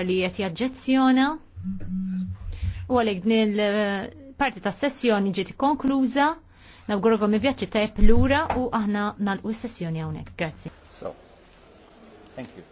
li jett u għalek din il-parti eh, ta' sessjoni ġiet konkluża nawgurgom mi vjaċi ta' plura u aħna nalqu s-sessjoni hawnhekk. Grazie. So, thank you.